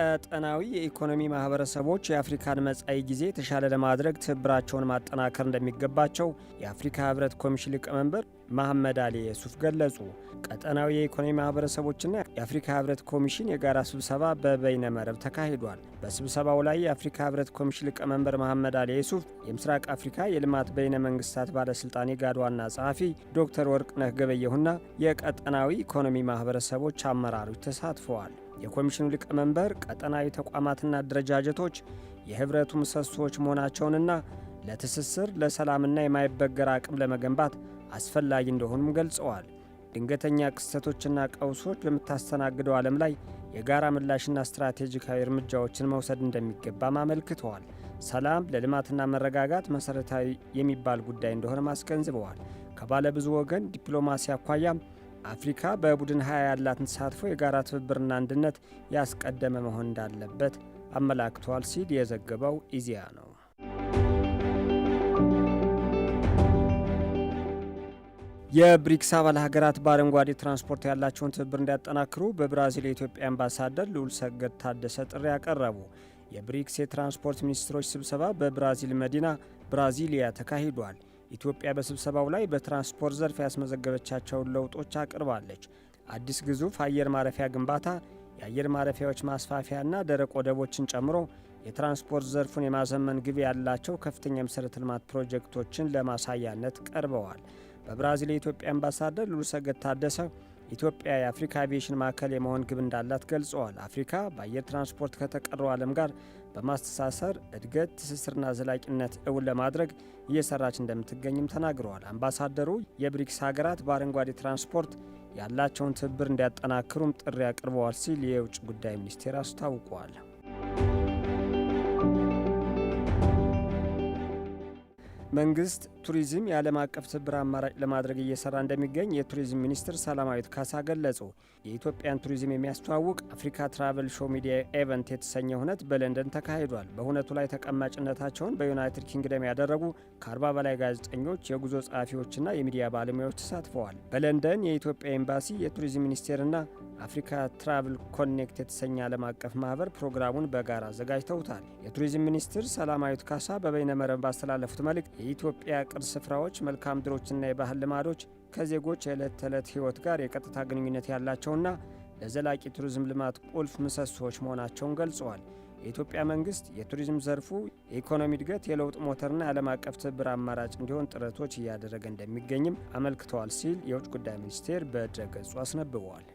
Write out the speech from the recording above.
ቀጠናዊ የኢኮኖሚ ማህበረሰቦች የአፍሪካን መጻኢ ጊዜ የተሻለ ለማድረግ ትብብራቸውን ማጠናከር እንደሚገባቸው የአፍሪካ ህብረት ኮሚሽን ሊቀመንበር መሐመድ አሊ የሱፍ ገለጹ። ቀጠናዊ የኢኮኖሚ ማህበረሰቦችና የአፍሪካ ህብረት ኮሚሽን የጋራ ስብሰባ በበይነ መረብ ተካሂዷል። በስብሰባው ላይ የአፍሪካ ህብረት ኮሚሽን ሊቀመንበር መሐመድ አሊ የሱፍ፣ የምስራቅ አፍሪካ የልማት በይነ መንግስታት ባለስልጣን የጋድ ዋና ጸሐፊ ዶክተር ወርቅነህ ገበየሁና የቀጠናዊ ኢኮኖሚ ማህበረሰቦች አመራሮች ተሳትፈዋል። የኮሚሽኑ ሊቀመንበር ቀጠናዊ ተቋማትና አደረጃጀቶች የህብረቱ ምሰሶዎች መሆናቸውንና ለትስስር ለሰላምና የማይበገር አቅም ለመገንባት አስፈላጊ እንደሆኑም ገልጸዋል። ድንገተኛ ክስተቶችና ቀውሶች በምታስተናግደው ዓለም ላይ የጋራ ምላሽና ስትራቴጂካዊ እርምጃዎችን መውሰድ እንደሚገባም አመልክተዋል። ሰላም ለልማትና መረጋጋት መሠረታዊ የሚባል ጉዳይ እንደሆነም አስገንዝበዋል። ከባለብዙ ወገን ዲፕሎማሲ አኳያም አፍሪካ በቡድን ሀያ ያላትን ተሳትፎ የጋራ ትብብርና አንድነት ያስቀደመ መሆን እንዳለበት አመላክቷል ሲል የዘገበው ኢዜአ ነው። የብሪክስ አባል ሀገራት በአረንጓዴ ትራንስፖርት ያላቸውን ትብብር እንዲያጠናክሩ በብራዚል የኢትዮጵያ አምባሳደር ልዑል ሰገድ ታደሰ ጥሪ ያቀረቡ። የብሪክስ የትራንስፖርት ሚኒስትሮች ስብሰባ በብራዚል መዲና ብራዚሊያ ተካሂዷል። ኢትዮጵያ በስብሰባው ላይ በትራንስፖርት ዘርፍ ያስመዘገበቻቸውን ለውጦች አቅርባለች። አዲስ ግዙፍ አየር ማረፊያ ግንባታ፣ የአየር ማረፊያዎች ማስፋፊያና ደረቅ ወደቦችን ጨምሮ የትራንስፖርት ዘርፉን የማዘመን ግብ ያላቸው ከፍተኛ የመሠረተ ልማት ፕሮጀክቶችን ለማሳያነት ቀርበዋል። በብራዚል የኢትዮጵያ አምባሳደር ሉሉሰገድ ታደሰ ኢትዮጵያ የአፍሪካ አቪዬሽን ማዕከል የመሆን ግብ እንዳላት ገልጸዋል። አፍሪካ በአየር ትራንስፖርት ከተቀረው ዓለም ጋር በማስተሳሰር እድገት፣ ትስስርና ዘላቂነት እውን ለማድረግ እየሰራች እንደምትገኝም ተናግረዋል። አምባሳደሩ የብሪክስ ሀገራት በአረንጓዴ ትራንስፖርት ያላቸውን ትብብር እንዲያጠናክሩም ጥሪ አቅርበዋል ሲል የውጭ ጉዳይ ሚኒስቴር አስታውቋል። መንግስት ቱሪዝም የዓለም አቀፍ ትብብር አማራጭ ለማድረግ እየሰራ እንደሚገኝ የቱሪዝም ሚኒስትር ሰላማዊት ካሳ ገለጹ። የኢትዮጵያን ቱሪዝም የሚያስተዋውቅ አፍሪካ ትራቨል ሾው ሚዲያ ኤቨንት የተሰኘ ሁነት በለንደን ተካሂዷል። በሁነቱ ላይ ተቀማጭነታቸውን በዩናይትድ ኪንግደም ያደረጉ ከ40 በላይ ጋዜጠኞች፣ የጉዞ ጸሐፊዎችና የሚዲያ ባለሙያዎች ተሳትፈዋል። በለንደን የኢትዮጵያ ኤምባሲ የቱሪዝም ሚኒስቴርና አፍሪካ ትራቭል ኮኔክት የተሰኘ ዓለም አቀፍ ማህበር ፕሮግራሙን በጋራ አዘጋጅተውታል። የቱሪዝም ሚኒስትር ሰላማዊት ካሳ በበይነመረብ ባስተላለፉት መልእክት የኢትዮጵያ የቅርስ ስፍራዎች፣ መልካም ድሮችና የባህል ልማዶች ከዜጎች የዕለት ተዕለት ሕይወት ጋር የቀጥታ ግንኙነት ያላቸውና ለዘላቂ ቱሪዝም ልማት ቁልፍ ምሰሶዎች መሆናቸውን ገልጸዋል። የኢትዮጵያ መንግስት የቱሪዝም ዘርፉ የኢኮኖሚ እድገት የለውጥ ሞተርና የዓለም አቀፍ ትብብር አማራጭ እንዲሆን ጥረቶች እያደረገ እንደሚገኝም አመልክተዋል ሲል የውጭ ጉዳይ ሚኒስቴር በድረገጹ አስነብበዋል።